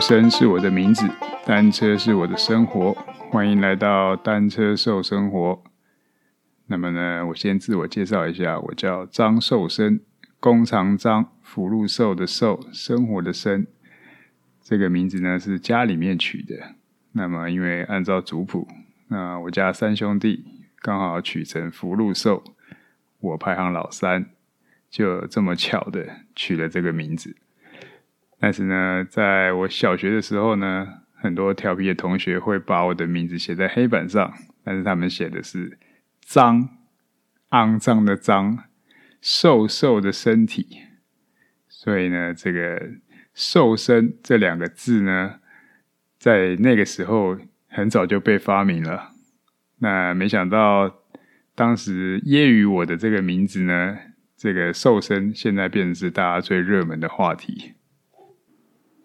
生是我的名字，單車是我的生活，歡迎來到單車瘦生活。那麼呢，我先自我介紹一下，我叫張壽生，弓長張，福祿壽的壽，生活的生，這個名字呢是家裡面取的。那麼因為按照族譜，那我家三兄弟剛好取成福祿壽，我排行老三，就這麼巧的取了這個名字。但是呢，在我小學的時候呢，很多調皮的同學會把我的名字寫在黑板上，但是他們寫的是“髒”、“骯髒的髒”、“瘦瘦的身體”。所以呢，這個“瘦身”這兩個字呢，在那個時候很早就被發明了。那沒想到，當時揶揄我的這個名字呢，這個“瘦身”現在變成是大家最熱門的話題。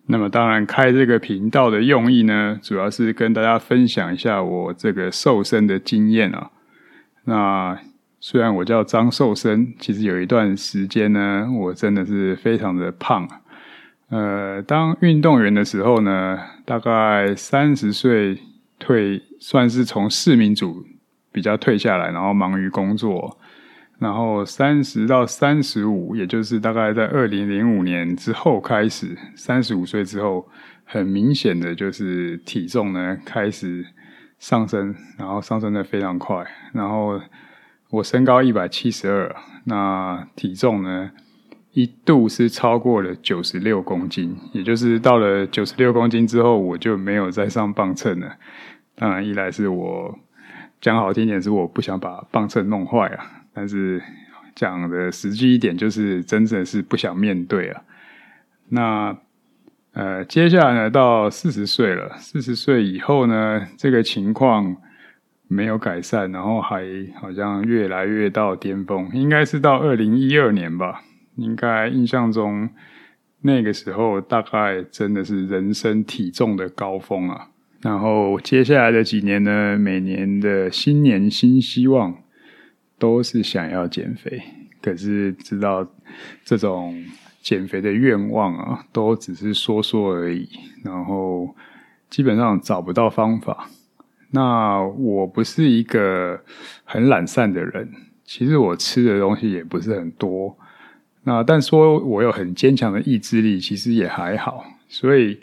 那麼當然，開這個頻道的用意呢，主要是跟大家分享一下我這個瘦身的經驗啊。那雖然我叫張瘦身，其實有一段時間呢，我真的是非常的胖。呃，當運動員的時候呢，大概三十歲退，算是從市民組比較退下來，然後忙於工作。然後三十到三十五，也就是大概在二零零五年之後開始，三十五歲之後，很明顯的就是體重呢開始上升，然後上升的非常快。然後我身高一百七十二，那體重呢一度是超過了九十六公斤，也就是到了九十六公斤之後，我就沒有再上磅秤了。當然，一來是我講好聽點是我不想把磅秤弄壞啊。但是講的實際一點，就是真正是不想面對啊，那呃，接下來呢，到四十歲了，四十歲以後呢，這個情況沒有改善，然後還好像越來越到巔峰，應該是到二零一二年吧。應該印象中那個時候，大概真的是人生體重的高峰啊。然後接下來的幾年呢，每年的新年新希望。都是想要減肥，可是知道這種減肥的願望啊，都只是說說而已。然後基本上找不到方法。那我不是一個很懶散的人，其實我吃的東西也不是很多。那但說我有很堅強的意志力，其實也還好。所以，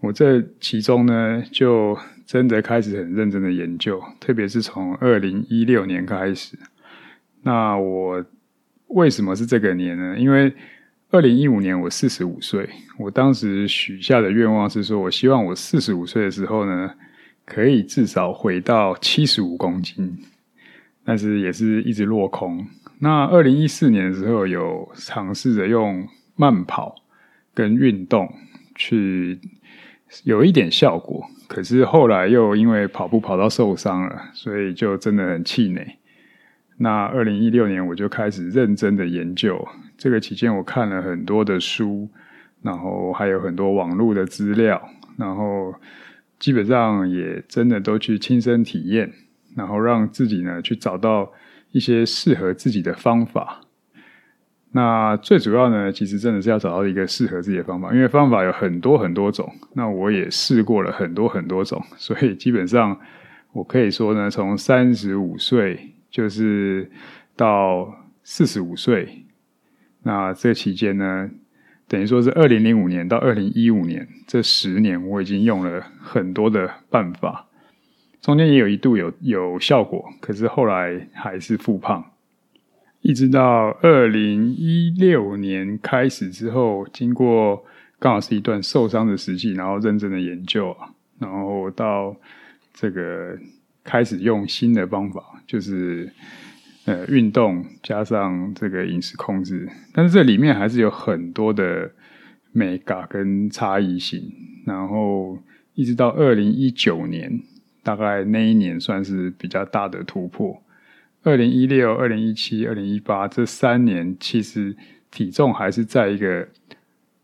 我這其中呢，就真的開始很認真的研究，特別是從2016年開始。那我為什麼是這個年呢？因為二零一五年我四十五歲，我當時許下的願望是說，我希望我四十五歲的時候呢，可以至少回到七十五公斤，但是也是一直落空。那二零一四年的時候，有嘗試着用慢跑跟運動去有一點效果，可是後來又因為跑步跑到受傷了，所以就真的很氣餒。那二零一六年我就開始認真的研究，這個期間我看了很多的書，然後還有很多網絡的資料，然後基本上也真的都去親身體驗，然後讓自己呢去找到一些適合自己的方法。那最主要呢，其實真的是要找到一個適合自己的方法，因為方法有很多很多種。那我也試過了很多很多種，所以基本上我可以說呢，從三十五歲。就是到四十五歲，那這期間呢，等於說是二零零五年到二零一五年這十年，這10年我已經用了很多的辦法，中間也有一度有有效果，可是後來還是復胖，一直到二零一六年開始之後，經過剛好是一段受傷的時期，然後認真的研究，然後到這個。開始用新的方法，就是呃運動加上這個飲食控制，但是這裡面還是有很多的 mega 跟差異性。然後一直到二零一九年，大概那一年算是比較大的突破。二零一六、二零一七、二零一八這三年，其實體重還是在一個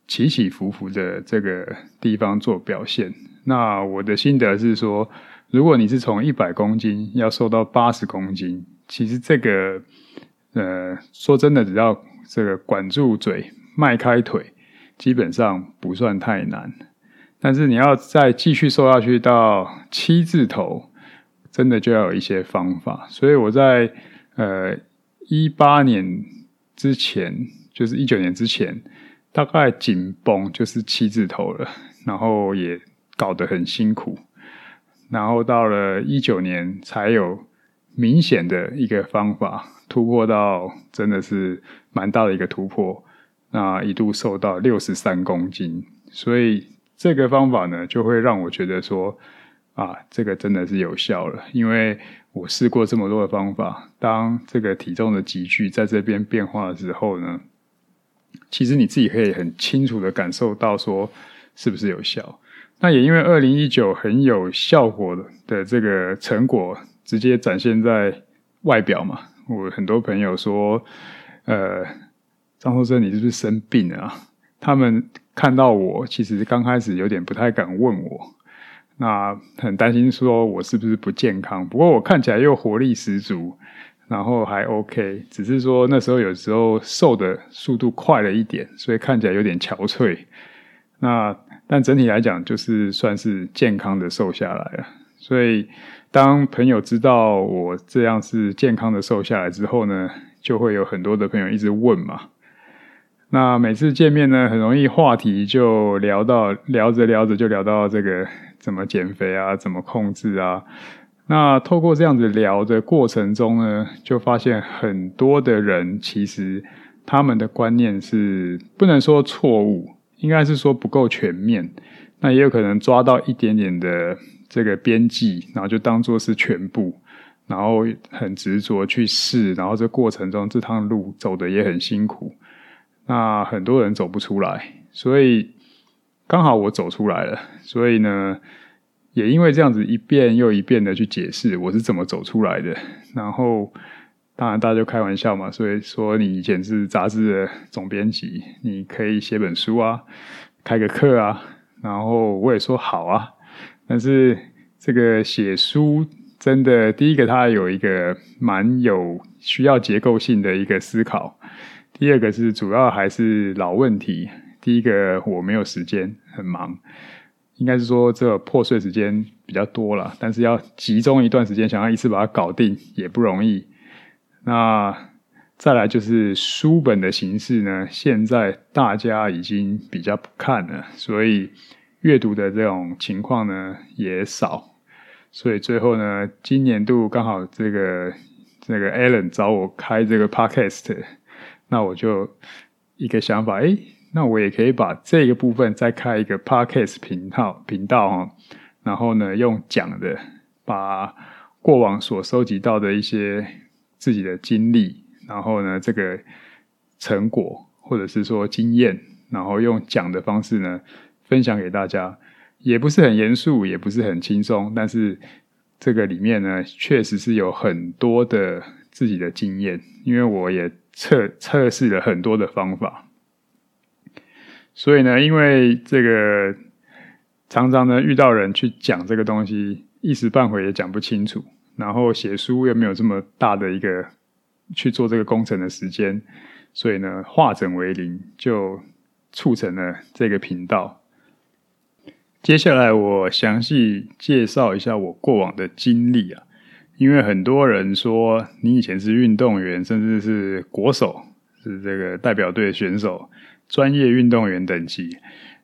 起起伏伏的這個地方做表現。那我的心得是說，如果你是從一百公斤要瘦到八十公斤，其實這個，呃，說真的，只要這個管住嘴、邁開腿，基本上不算太難。但是你要再繼續瘦下去到七字頭，真的就要有一些方法。所以我在呃一八年之前，就是一九年之前，大概緊繃就是七字頭了，然後也搞得很辛苦。然後到了一九年，才有明顯的一個方法突破到，真的是蠻大的一個突破。那一度瘦到六十三公斤，所以這個方法呢，就會讓我覺得說，啊，這個真的是有效了。因為我試過這麼多的方法，當這個體重的急劇在這邊變化的時候呢，其實你自己可以很清楚的感受到，說是不是有效。那也因為二零一九很有效果的這個成果直接展現在外表嘛，我很多朋友說，呃，張叔生你是不是生病了啊？他們看到我，其實剛開始有點不太敢問我，那很擔心說我是不是不健康。不過我看起來又活力十足，然後還 OK，只是說那時候有時候瘦的速度快了一點，所以看起來有點憔悴。那。但整體來講，就是算是健康的瘦下來了。所以，當朋友知道我這樣是健康的瘦下來之後呢，就會有很多的朋友一直問嘛。那每次見面呢，很容易話題就聊到，聊着聊着就聊到這個怎麼減肥啊，怎麼控制啊。那透過這樣子聊的過程中呢，就發現很多的人其實他們的觀念是不能說錯誤。應該是說不夠全面，那也有可能抓到一點點的這個邊際，然後就當作是全部，然後很執着去試，然後這過程中這趟路走得也很辛苦，那很多人走不出來，所以剛好我走出來了，所以呢，也因為這樣子一遍又一遍的去解釋我是怎麼走出來的，然後。當然，大家就開玩笑嘛，所以說你以前是雜誌的總編輯，你可以寫本書啊，開個課啊。然後我也說好啊，但是這個寫書真的，第一個它有一個蠻有需要結構性的一個思考，第二個是主要還是老問題。第一個我沒有時間，很忙，應該是說這破碎時間比較多啦，但是要集中一段時間，想要一次把它搞定也不容易。那再來就是書本的形式呢，現在大家已經比較不看了，所以閱讀的這種情況呢也少。所以最後呢，今年度剛好這個這個 Allen 找我開這個 Podcast，那我就一個想法，哎，那我也可以把這個部分再開一個 Podcast 頻道頻道哈哦，然後呢用講的把過往所收集到的一些。自己的經歷，然後呢，這個成果或者是說經驗，然後用講的方式呢，分享給大家，也不是很嚴肅，也不是很輕鬆，但是這個裡面呢，確實是有很多的自己的經驗，因為我也測測試了很多的方法，所以呢，因為這個常常呢遇到人去講這個東西，一時半會也講不清楚。然後寫書又沒有這麼大的一個去做這個工程的時間，所以呢，化整為零就促成了這個頻道。接下來我詳細介紹一下我過往的經歷啊，因為很多人說你以前是運動員，甚至是國手，是這個代表隊選手，專業運動員等級，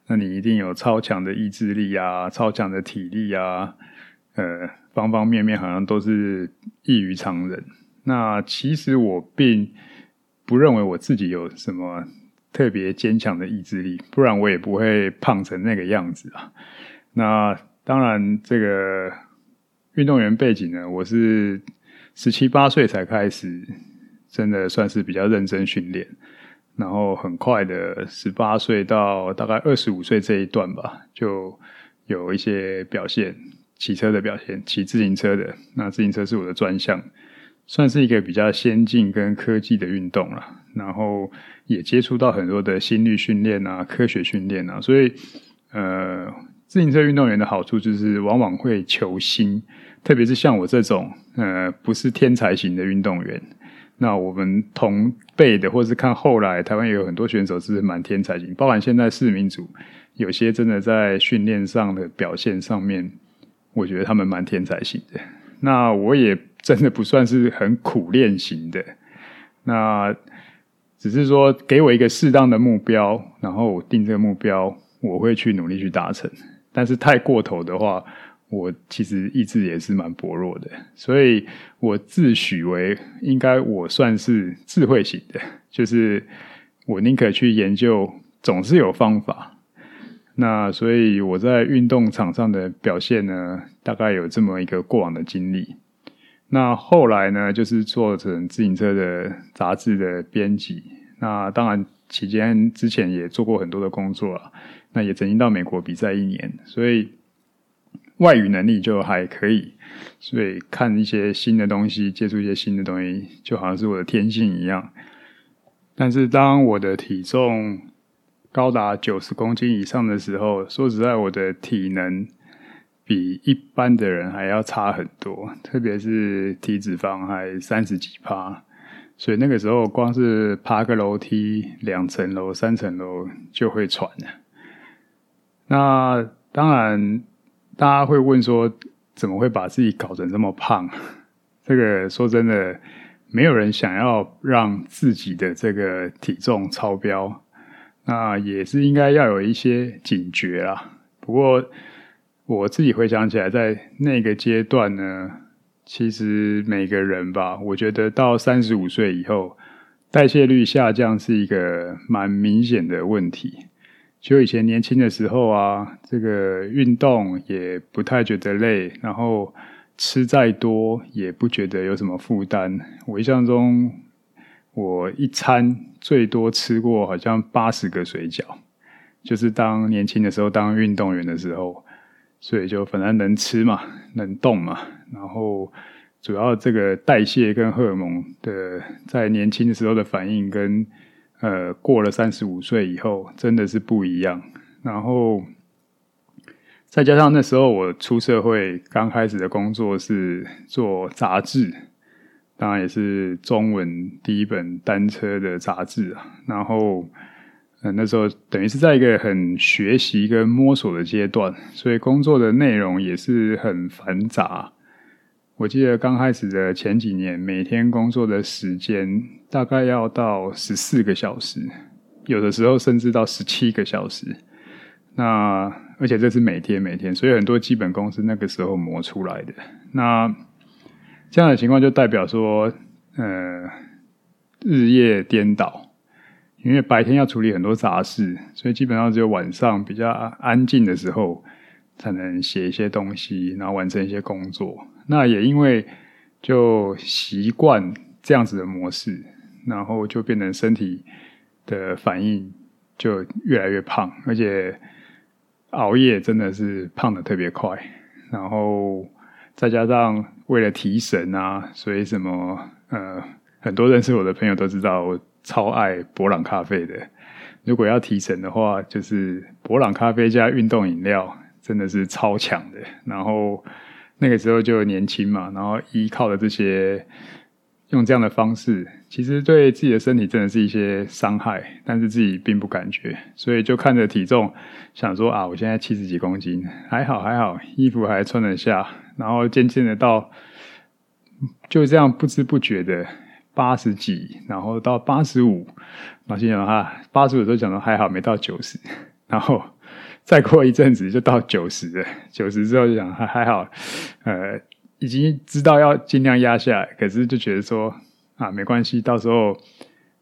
那你一定有超強的意志力啊，超強的體力啊，呃。方方面面好像都是異於常人。那其實我並不認為我自己有什麼特別堅強的意志力，不然我也不會胖成那個樣子啊。那當然，這個運動員背景呢，我是十七八歲才開始，真的算是比較認真訓練，然後很快的，十八歲到大概二十五歲這一段吧，就有一些表現。騎車的表現，騎自行車的那自行車是我的專項，算是一個比較先進跟科技的運動啦。然後也接觸到很多的心率訓練啊、科學訓練啊，所以呃，自行車運動員的好處就是往往會求新，特別是像我這種呃不是天才型的運動員。那我們同輩的，或是看後來台灣也有很多選手是蠻天才型，包含現在市民組，有些真的在訓練上的表現上面。我覺得他們蠻天才型的，那我也真的不算是很苦練型的，那只是說，給我一個適當的目標，然後我定這個目標，我會去努力去達成。但是太過頭的話，我其實意志也是蠻薄弱的，所以我自詡為，應該我算是智慧型的，就是我寧可去研究，總是有方法。那所以我在運動場上的表現呢，大概有這麼一個過往的經歷。那後來呢，就是做成自行車的雜誌的編輯。那當然期間之前也做過很多的工作了啊。那也曾經到美國比賽一年，所以外語能力就還可以。所以看一些新的東西，接觸一些新的東西，就好像是我的天性一樣。但是當我的體重，高達九十公斤以上的時候，說實在，我的體能比一般的人還要差很多，特別是體脂肪還三十幾趴，所以那個時候光是爬個樓梯，兩層樓、三層樓就會喘了。那當然，大家會問說，怎麼會把自己搞成這麼胖？這個說真的，沒有人想要讓自己的這個體重超標。那也是應該要有一些警覺啦。不過我自己回想起來，在那個階段呢，其實每個人吧，我覺得到三十五歲以後，代謝率下降是一個蠻明顯的問題。就以前年輕的時候啊，這個運動也不太覺得累，然後吃再多也不覺得有什麼負擔。我印象中。我一餐最多吃過好像八十個水餃，就是當年輕的時候當運動員的時候，所以就本來能吃嘛，能動嘛，然後主要這個代謝跟荷爾蒙的在年輕的時候的反應跟呃過了三十五歲以後真的是不一樣，然後再加上那時候我出社會剛開始的工作是做雜誌。當然也是中文第一本單車的雜誌啊，然後，嗯，那時候等於是在一個很學習跟摸索的階段，所以工作的內容也是很繁雜。我記得剛開始的前幾年，每天工作的時間大概要到十四個小時，有的時候甚至到十七個小時。那而且這是每天每天，所以很多基本功是那個時候磨出來的。那這樣的情況就代表說，呃，日夜顛倒，因為白天要處理很多雜事，所以基本上只有晚上比較安靜的時候，才能寫一些東西，然後完成一些工作。那也因為就習慣這樣子的模式，然後就變成身體的反應就越來越胖，而且熬夜真的是胖得特別快，然後再加上。為了提神啊，所以什麼呃、，很多認識我的朋友都知道，我超愛伯朗咖啡的。如果要提神的話，就是伯朗咖啡加運動飲料，真的是超強的。然後那個時候就年輕嘛，然後依靠的這些，用這樣的方式，其實對自己的身體真的是一些傷害，但是自己並不感覺，所以就看着體重，想說啊，我現在七十幾公斤，還好還好，衣服還穿得下。然後漸漸的到，就這樣不知不覺的八十幾，然後到八十五，老心想哈，八十五都講說還好沒到九十，然後再過一陣子就到九十了，九十之後就講還還好，呃，已經知道要儘量壓下，可是就覺得說啊沒關係，到時候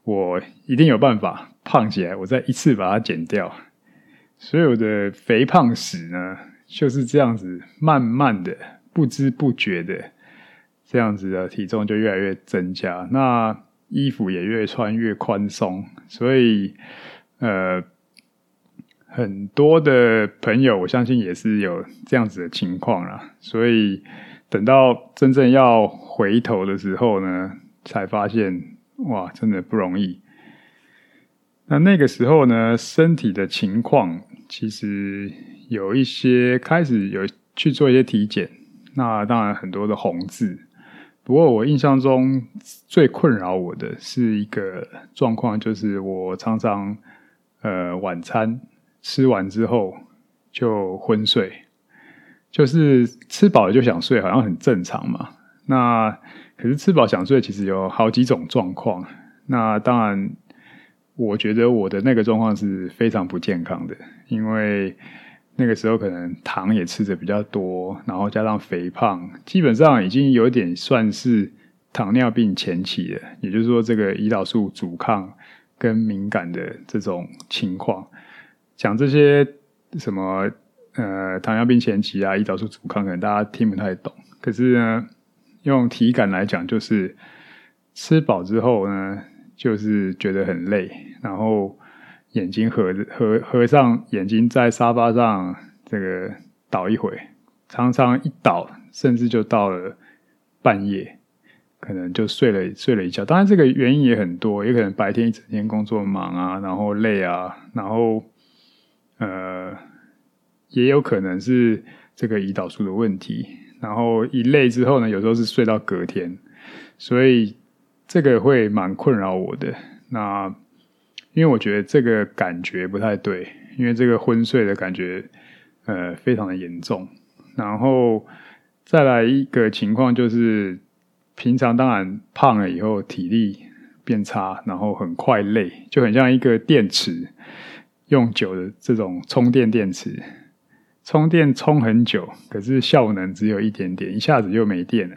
我一定有辦法胖起來，我再一次把它減掉。所有的肥胖史呢就是這樣子慢慢的。不知不覺的，這樣子的體重就越來越增加，那衣服也越穿越寬鬆，所以呃，很多的朋友我相信也是有這樣子的情況啦。所以等到真正要回頭的時候呢，才發現哇，真的不容易。那那個時候呢，身體的情況其實有一些，開始有去做一些體檢。那當然很多的紅字，不過我印象中最困擾我的是一個狀況，就是我常常，呃，晚餐吃完之後就昏睡，就是吃飽了就想睡，好像很正常嘛。那可是吃飽想睡，其實有好幾種狀況。那當然，我覺得我的那個狀況是非常不健康的，因為。那個時候可能糖也吃得比較多，然後加上肥胖，基本上已經有點算是糖尿病前期了。也就是說，這個胰島素阻抗跟敏感的這種情況，講這些什麼，呃，糖尿病前期啊、胰島素阻抗，可能大家聽不太懂。可是呢，用體感來講，就是吃飽之後呢，就是覺得很累，然後。眼睛合着合合上眼睛，在沙發上這個倒一回，常常一倒，甚至就到了半夜，可能就睡了睡了一覺。當然，這個原因也很多，也可能白天一整天工作忙啊，然後累啊，然後呃，也有可能是這個胰島素的問題。然後一累之後呢，有時候是睡到隔天，所以這個會蠻困擾我的。那。因為我覺得這個感覺不太對，因為這個昏睡的感覺，呃，非常的嚴重。然後再來一個情況就是，平常當然胖了以後體力變差，然後很快累，就很像一個電池用久的這種充電電池，充電充很久，可是效能只有一點點，一下子就沒電了。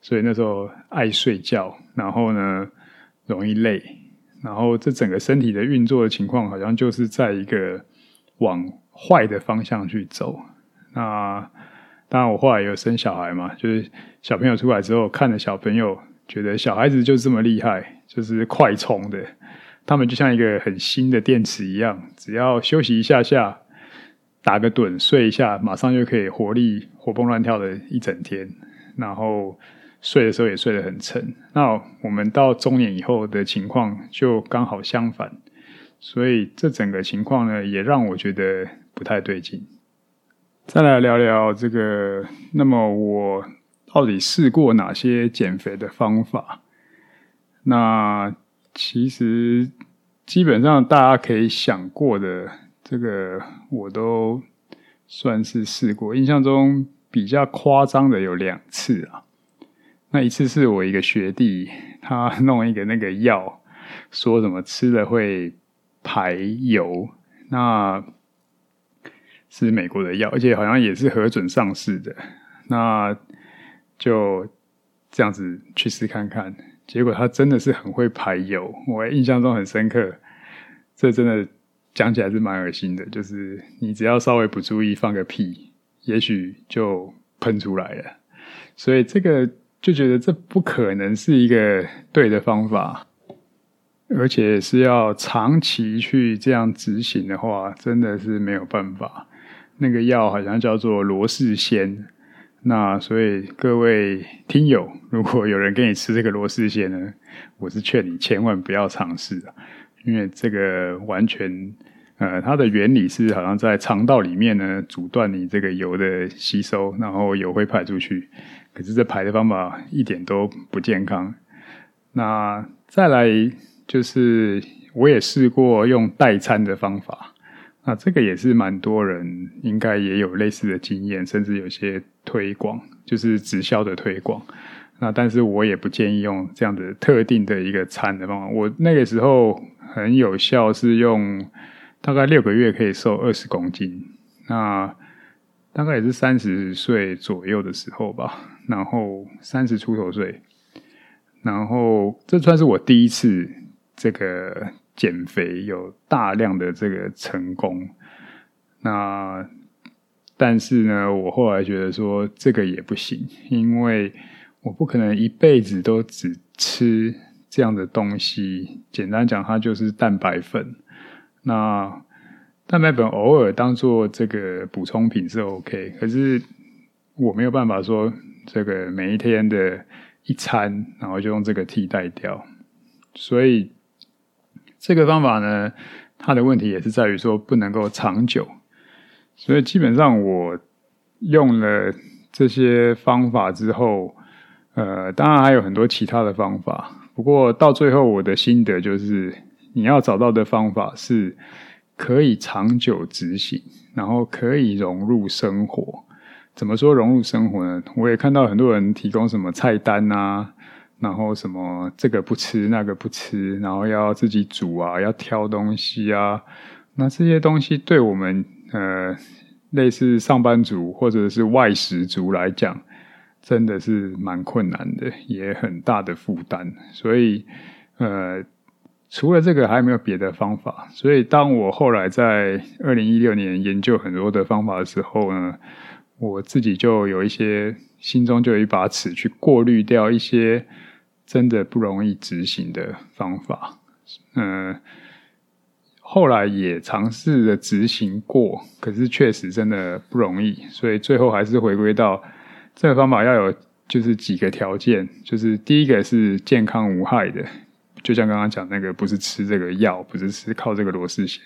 所以那時候愛睡覺，然後呢，容易累。然後這整個身體的運作的情況，好像就是在一個往壞的方向去走。那當然，我後來也有生小孩嘛，就是小朋友出來之後，看着小朋友，覺得小孩子就這麼厲害，就是快充的，他們就像一個很新的電池一樣，只要休息一下下，打個盹，睡一下，馬上就可以活力活蹦亂跳的一整天。然後。睡的時候也睡得很沉。那我們到中年以後的情況就剛好相反，所以這整個情況呢，也讓我覺得不太對勁。再來聊聊這個，那麼我到底試過哪些減肥的方法？那其實基本上大家可以想過的，這個我都算是試過。印象中比較誇張的有兩次啊。那一次是我一個學弟，他弄一個那個藥，說什麼吃了會排油，那是美國的藥，而且好像也是核准上市的。那就這樣子去試看看，結果他真的是很會排油，我印象中很深刻。這真的講起來是蠻噁心的，就是你只要稍微不注意放個屁，也許就噴出來了。所以這個。就覺得這不可能是一個對的方法，而且是要長期去這樣執行的話，真的是沒有辦法。那個藥好像叫做羅氏鮮。那所以各位聽友，如果有人給你吃這個羅氏鮮呢，我是勸你千萬不要嘗試。因為這個完全，呃，它的原理是好像在腸道裡面呢，阻斷你這個油的吸收，然後油會排出去。可是這排的方法一點都不健康。那再來就是，我也試過用代餐的方法。那這個也是蠻多人應該也有類似的經驗，甚至有些推廣，就是直銷的推廣。那但是我也不建議用這樣的特定的一個餐的方法。我那個時候很有效，是用大概六個月可以瘦二十公斤，那大概也是三十歲左右的時候吧。然後三十出頭歲，然後這算是我第一次這個減肥有大量的這個成功。那但是呢，我後來覺得說這個也不行，因為我不可能一輩子都只吃這樣的東西。簡單講，它就是蛋白粉。那蛋白粉偶爾當做這個補充品是 OK，可是我沒有辦法說。這個每一天的一餐，然後就用這個替代掉。所以這個方法呢，它的問題也是在於說不能夠長久。所以基本上我用了這些方法之後，呃，當然還有很多其他的方法。不過到最後，我的心得就是，你要找到的方法是可以長久執行，然後可以融入生活。怎麼說融入生活呢？我也看到很多人提供什麼菜單啊，然後什麼這個不吃那個不吃，然後要自己煮啊，要挑東西啊。那這些東西對我們呃，類似上班族或者是外食族來講，真的是蠻困難的，也很大的負擔。所以呃，除了這個，還有沒有別的方法？所以當我後來在二零一六年研究很多的方法的時候呢，我自己就有一些心中就有一把尺，去過濾掉一些真的不容易執行的方法。嗯、呃，後來也嘗試著執行過，可是確實真的不容易，所以最後還是回歸到這個方法要有就是幾個條件，就是第一個是健康無害的，就像剛剛講那個，不是吃這個藥，不是吃靠這個羅氏鮮，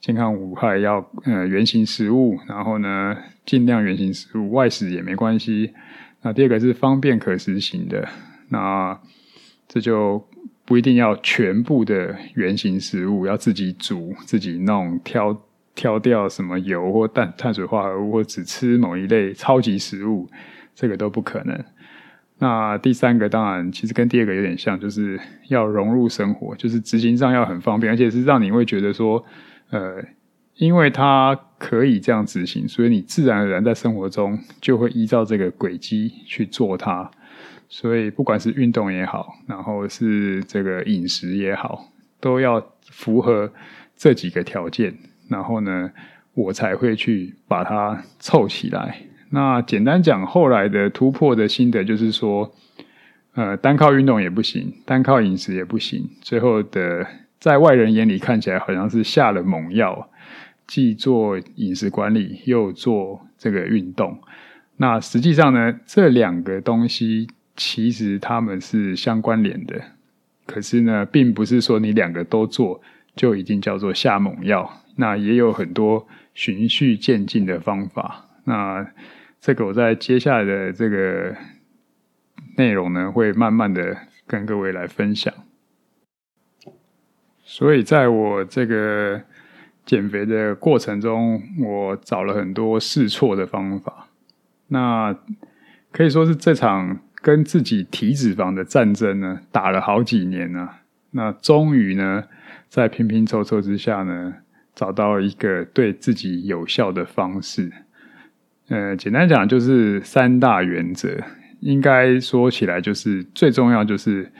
健康無害要呃原型食物，然後呢。盡量原型食物，外食也沒關係。那第二個是方便可實行的，那這就不一定要全部的原型食物，要自己煮、自己弄，挑挑掉什麼油或碳水化合物，或只吃某一類超級食物，這個都不可能。那第三個當然，其實跟第二個有點像，就是要融入生活，就是執行上要很方便，而且是讓你會覺得說，呃。因為它可以這樣執行，所以你自然而然在生活中就會依照這個軌跡去做它。所以不管是運動也好，然後是這個飲食也好，都要符合這幾個條件。然後呢，我才會去把它湊起來。那簡單講，後來的突破的心得就是說，呃，單靠運動也不行，單靠飲食也不行，最後的。在外人眼裡看起來好像是下了猛藥，既做飲食管理又做這個運動。那實際上呢，這兩個東西其實他們是相關聯的。可是呢，並不是說你兩個都做就已經叫做下猛藥。那也有很多循序漸進的方法。那這個我在接下來的這個內容呢，會慢慢的跟各位來分享。所以，在我這個減肥的過程中，我找了很多試錯的方法。那可以說是這場跟自己體脂肪的戰爭呢，打了好幾年呢。那終於呢，在拼拼湊湊之下呢，找到一個對自己有效的方式。呃，簡單講就是三大原則。應該說起來就是，最重要就是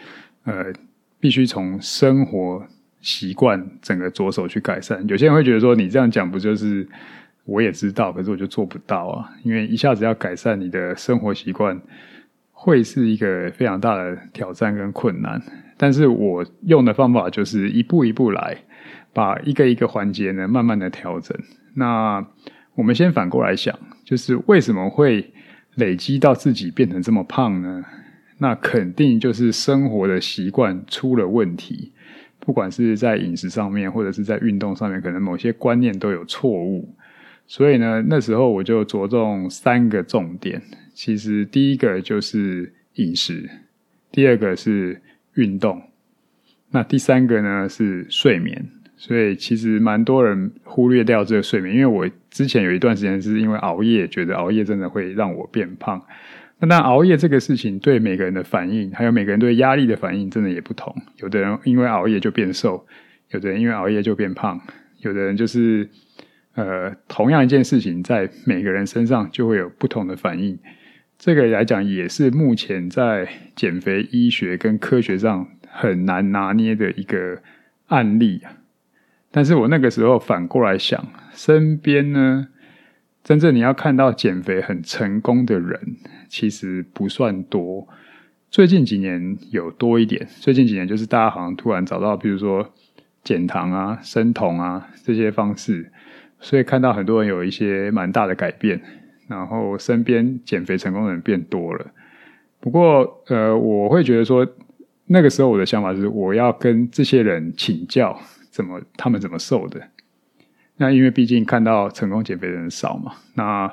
呃，必須從生活。習慣整個着手去改善，有些人會覺得說，你這樣講不就是我也知道，可是我就做不到啊！因為一下子要改善你的生活習慣，會是一個非常大的挑戰跟困難。但是我用的方法就是一步一步來，把一個一個環節呢，慢慢的調整。那我們先反過來想，就是為什麼會累積到自己變成這麼胖呢？那肯定就是生活的習慣出了問題。不管是在飲食上面，或者是在運動上面，可能某些觀念都有錯誤。所以呢，那時候我就着重三個重點。其實第一個就是飲食，第二個是運動，那第三個呢，是睡眠。所以其實蠻多人忽略掉這個睡眠，因為我之前有一段時間是因為熬夜，覺得熬夜真的會讓我變胖。那熬夜這個事情，對每個人的反應，還有每個人對壓力的反應，真的也不同。有的人因為熬夜就變瘦，有的人因為熬夜就變胖，有的人就是呃，同樣一件事情，在每個人身上就會有不同的反應。這個來講，也是目前在減肥醫學跟科學上很難拿捏的一個案例啊。但是我那個時候反過來想，身邊呢，真正你要看到減肥很成功的人。其實不算多，最近幾年有多一點。最近幾年就是大家好像突然找到，比如說減糖啊、生酮啊這些方式，所以看到很多人有一些蠻大的改變，然後身邊減肥成功的人變多了。不過，呃，我會覺得說，那個時候我的想法是，我要跟這些人請教，怎麼他們怎麼瘦的。那因為畢竟看到成功減肥的人少嘛，那。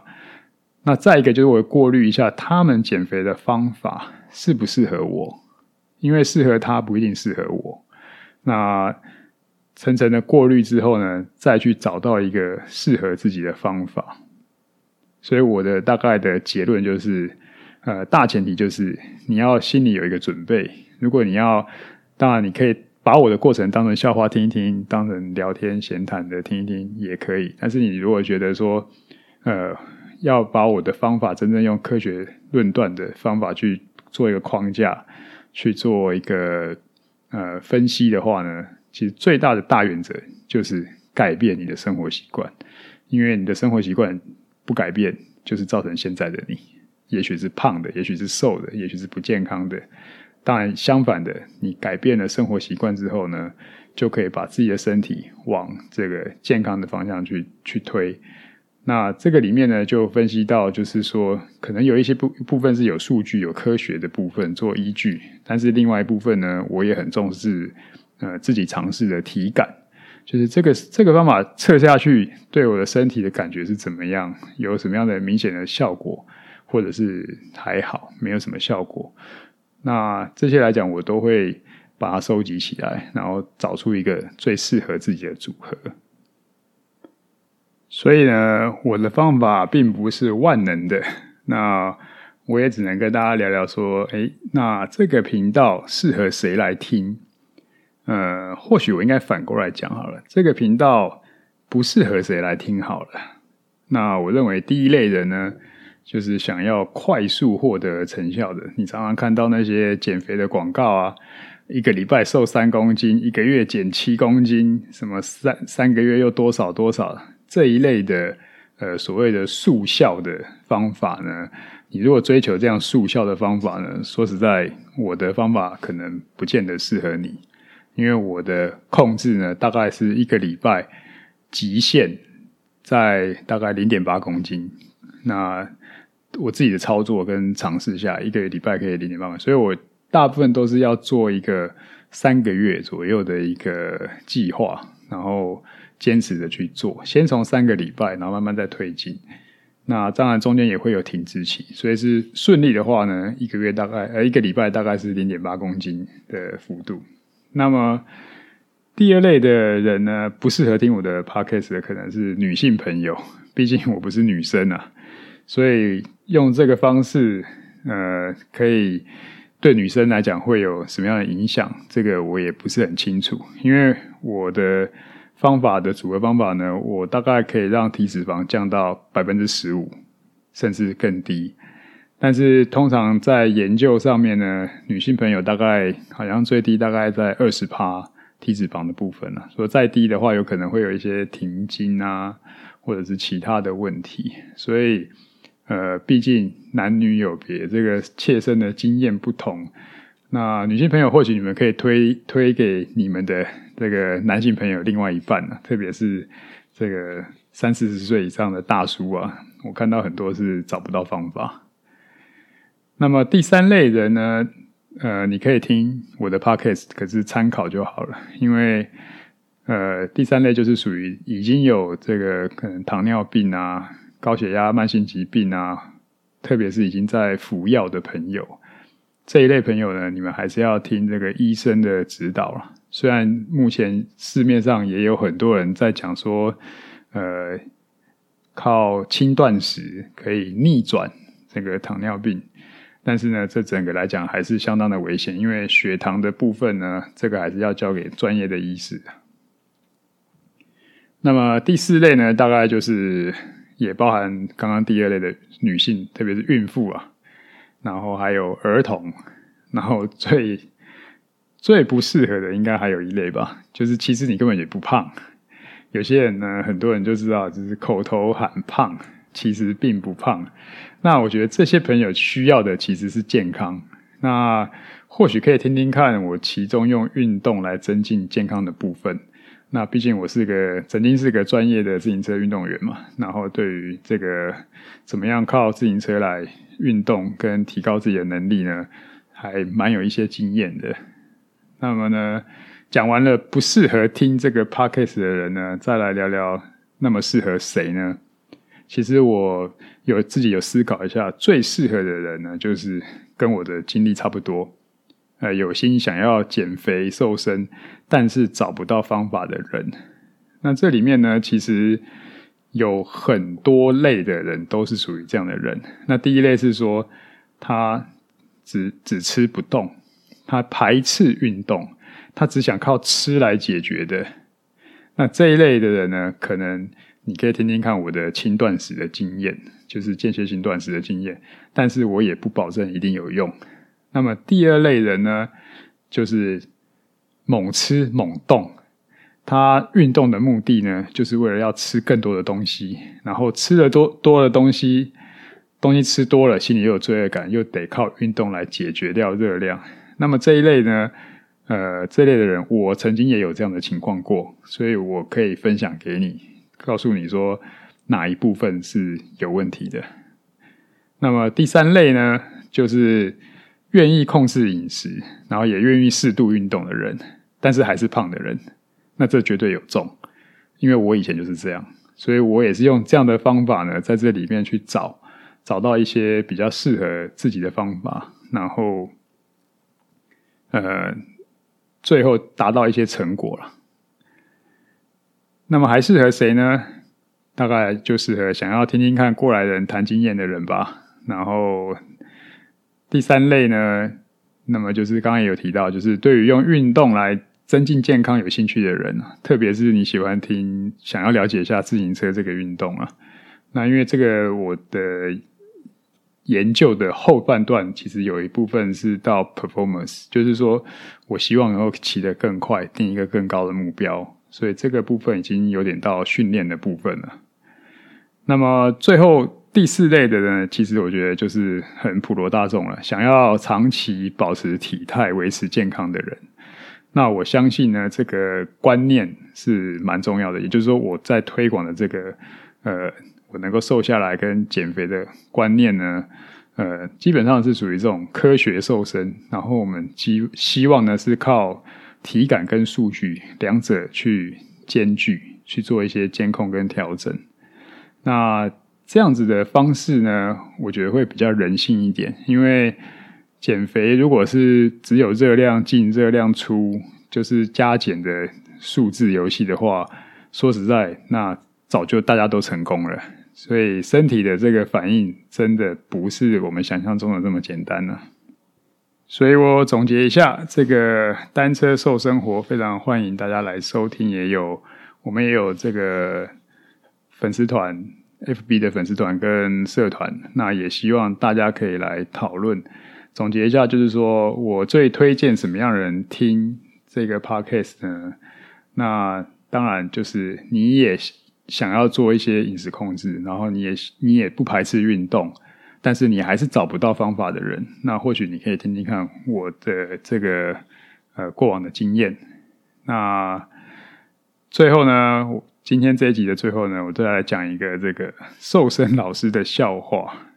那再一個就是我過濾一下他們減肥的方法適不適合我，因為適合他不一定適合我。那層層的過濾之後呢，再去找到一個適合自己的方法。所以我的大概的結論就是，呃，大前提就是你要心裡有一個準備。如果你要，當然你可以把我的過程當成笑話聽一聽，當成聊天閒談的聽一聽也可以。但是你如果覺得說，呃。要把我的方法真正用科學論斷的方法去做一個框架，去做一個呃分析的話呢，其實最大的大原則就是改變你的生活習慣，因為你的生活習慣不改變，就是造成現在的你，也許是胖的，也許是瘦的，也許是不健康的。當然，相反的，你改變了生活習慣之後呢，就可以把自己的身體往這個健康的方向去，去推。那這個裡面呢，就分析到，就是說，可能有一些部一部分是有數據、有科學的部分做依據，但是另外一部分呢，我也很重視，呃，自己嘗試的體感，就是這個這個方法測下去，對我的身體的感覺是怎麼樣，有什麼樣的明顯的效果，或者是還好，沒有什麼效果，那這些來講，我都會把它收集起來，然後找出一個最適合自己的組合。所以呢，我的方法並不是萬能的。那我也只能跟大家聊聊說，哎、欸，那這個頻道適合誰來聽？呃，或許我應該反過來講好了，這個頻道不適合誰來聽好了。那我認為第一類人呢，就是想要快速獲得成效的。你常常看到那些減肥的廣告啊，一個禮拜瘦三公斤，一個月減七公斤，什麼三三個月又多少多少。這一類的，呃，所謂的速效的方法呢，你如果追求這樣速效的方法呢，說實在，我的方法可能不見得適合你，因為我的控制呢，大概是一個禮拜極限在大概零點八公斤。那我自己的操作跟嘗試下，一個禮拜可以零點八公斤，所以我大部分都是要做一個三個月左右的一個計劃，然後。堅持著去做，先從三個禮拜，然後慢慢再推進。那當然中間也會有停滯期，所以是順利的話呢，一個月大概呃一個禮拜大概是零點八公斤的幅度。那麼第二類的人呢，不適合聽我的 podcast 的，可能是女性朋友，畢竟我不是女生啊。所以用這個方式，呃，可以對女生來講會有什麼樣的影響？這個我也不是很清楚，因為我的。方法的組合方法呢，我大概可以讓體脂肪降到百分之十五，甚至更低。但是通常在研究上面呢，女性朋友大概好像最低大概在二十趴體脂肪的部分啦，啊，說再低的話有可能會有一些停經啊，或者是其他的問題。所以呃，畢竟男女有別，這個切身的經驗不同。那女性朋友或許你們可以推推給你們的這個男性朋友另外一半呢，啊，特別是這個三四十歲以上的大叔啊，我看到很多是找不到方法。那麼第三類人呢，呃，你可以聽我的 podcast，可是參考就好了，因為呃，第三類就是屬於已經有這個可能糖尿病啊、高血壓、慢性疾病啊，特別是已經在服藥的朋友，這一類朋友呢，你們還是要聽這個醫生的指導，啊。雖然目前市面上也有很多人在講說，呃，靠輕斷食可以逆轉這個糖尿病，但是呢，這整個來講還是相當的危險，因為血糖的部分呢，這個還是要交給專業的醫師。那麼第四類呢，大概就是也包含剛剛第二類的女性，特別是孕婦啊，然後還有兒童，然後最。最不適合的應該還有一類吧，就是其實你根本也不胖。有些人呢，很多人就知道，就是口頭喊胖，其實並不胖。那我覺得這些朋友需要的其實是健康。那或許可以聽聽看我其中用運動來增進健康的部分。那畢竟我是個曾經是個專業的自行車運動員嘛，然後對於這個怎麼樣靠自行車來運動跟提高自己的能力呢，還蠻有一些經驗的。那麼呢，講完了不適合聽這個 podcast 的人呢，再來聊聊那麼適合誰呢？其實我有自己有思考一下，最適合的人呢，就是跟我的經歷差不多，呃，有心想要減肥瘦身，但是找不到方法的人。那這裡面呢，其實有很多類的人都是屬於這樣的人。那第一類是說，他只只吃不動。他排斥運動，他只想靠吃來解決的。那這一類的人呢，可能你可以聽聽看我的輕斷食的經驗，就是間歇性斷食的經驗，但是我也不保證一定有用。那麼第二類人呢，就是猛吃猛動，他運動的目的呢，就是為了要吃更多的東西，然後吃的多多的東西，東西吃多了，心裡又有罪惡感，又得靠運動來解決掉熱量。那麼這一類呢，呃，這類的人，我曾經也有這樣的情況過，所以我可以分享給你，告訴你說哪一部分是有問題的。那麼第三類呢，就是願意控制飲食，然後也願意適度運動的人，但是還是胖的人，那這絕對有重，因為我以前就是這樣，所以我也是用這樣的方法呢，在這裡面去找，找到一些比較適合自己的方法，然後。呃，最後達到一些成果了。那麼還適合誰呢？大概就適合想要聽聽看過來人談經驗的人吧。然後第三類呢，那麼就是剛剛也有提到，就是對於用運動來增進健康有興趣的人，特別是你喜歡聽，想要了解一下自行車這個運動啊。那因為這個我的。研究的後半段其實有一部分是到 performance，就是說我希望能夠騎得更快，定一個更高的目標，所以這個部分已經有點到訓練的部分了。那麼最後第四類的呢，其實我覺得就是很普羅大眾了，想要長期保持體態、維持健康的人。那我相信呢，這個觀念是蠻重要的，也就是說我在推廣的這個，呃…我能夠瘦下來，跟減肥的觀念呢，呃，基本上是屬於這種科學瘦身。然後我們希希望呢是靠體感跟數據兩者去兼具去做一些監控跟調整。那這樣子的方式呢，我覺得會比較人性一點。因為減肥如果是只有熱量進熱量出，就是加減的數字遊戲的話，說實在，那早就大家都成功了。所以身體的這個反應真的不是我們想象中的這麼簡單呢、啊。所以我總結一下，這個單車瘦生活非常歡迎大家來收聽，也有我們也有這個粉絲團，FB 的粉絲團跟社團，那也希望大家可以來討論。總結一下，就是說我最推薦什麼樣的人聽這個 Podcast 呢？那當然就是你也。想要做一些飲食控制，然後你也你也不排斥運動，但是你還是找不到方法的人，那或許你可以聽聽看我的這個呃過往的經驗。那最後呢，今天這一集的最後呢，我再來講一個這個瘦身老師的笑話，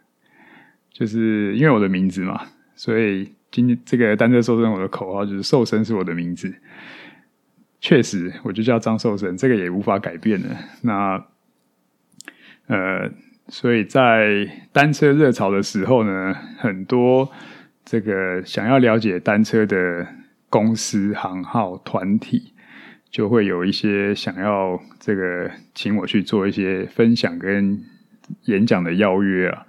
就是因為我的名字嘛，所以今天這個單車瘦身我的口號就是“瘦身是我的名字”。確實，我就叫張壽生，這個也無法改變了。那呃，所以在單車熱潮的時候呢，很多這個想要了解單車的公司、行號、團體，就會有一些想要這個請我去做一些分享跟演講的邀約啊。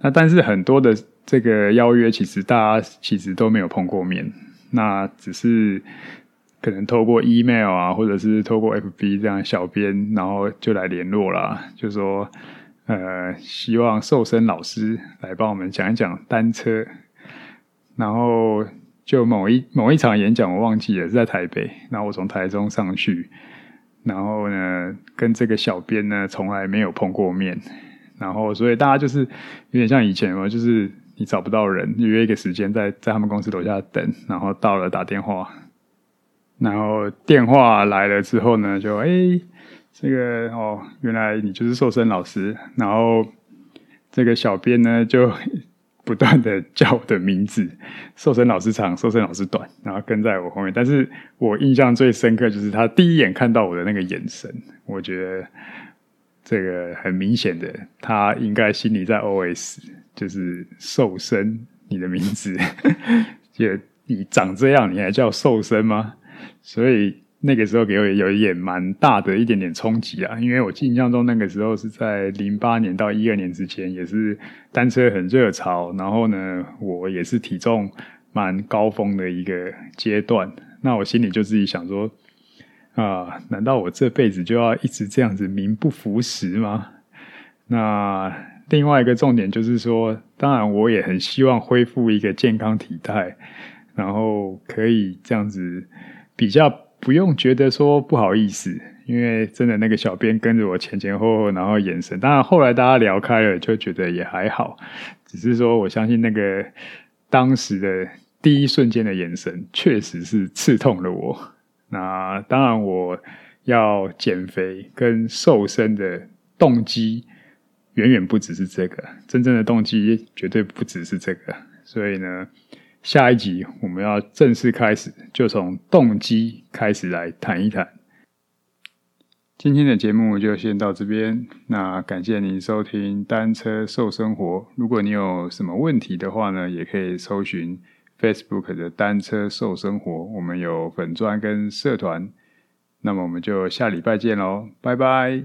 那但是很多的這個邀約，其實大家其實都沒有碰過面，那只是。可能透過 email 啊，或者是透過 FB 這樣小編，然後就來聯絡啦，就說，呃，希望瘦身老師來幫我們講一講單車，然後就某一某一場演講我忘記了是在台北，那我從台中上去，然後呢，跟這個小編呢從來沒有碰過面，然後所以大家就是有點像以前嘛，就是你找不到人，約一個時間在在他們公司樓下等，然後到了打電話。然後電話來了之後呢，就哎、欸，這個哦，原來你就是瘦身老師。然後這個小編呢，就不斷的叫我的名字，瘦身老師長，瘦身老師短，然後跟在我後面。但是我印象最深刻就是他第一眼看到我的那個眼神，我覺得這個很明顯的，他應該心裡在 OS，就是瘦身，你的名字，就 你長這樣，你還叫瘦身嗎？所以那個時候給我有一點蠻大的一點點衝擊啊，因為我印象中那個時候是在零八年到一二年之間，也是單車很熱潮，然後呢，我也是體重蠻高峰的一個階段。那我心裡就自己想說，啊，難道我這輩子就要一直這樣子名不符實嗎？那另外一個重點就是說，當然我也很希望恢復一個健康體態，然後可以這樣子。比較不用覺得說不好意思，因為真的那個小編跟着我前前後後，然後眼神，當然後來大家聊開了，就覺得也還好。只是說，我相信那個當時的第一瞬間的眼神，確實是刺痛了我。那當然，我要減肥跟瘦身的動機，遠遠不只是這個，真正的動機絕對不只是這個。所以呢。下一集我們要正式開始，就從動機開始來談一談。今天的節目就先到這邊，那感謝您收聽《單車瘦生活》。如果你有什麼問題的話呢，也可以搜尋 Facebook 的《單車瘦生活》，我們有粉專跟社團。那麼我們就下禮拜見嘍，拜拜。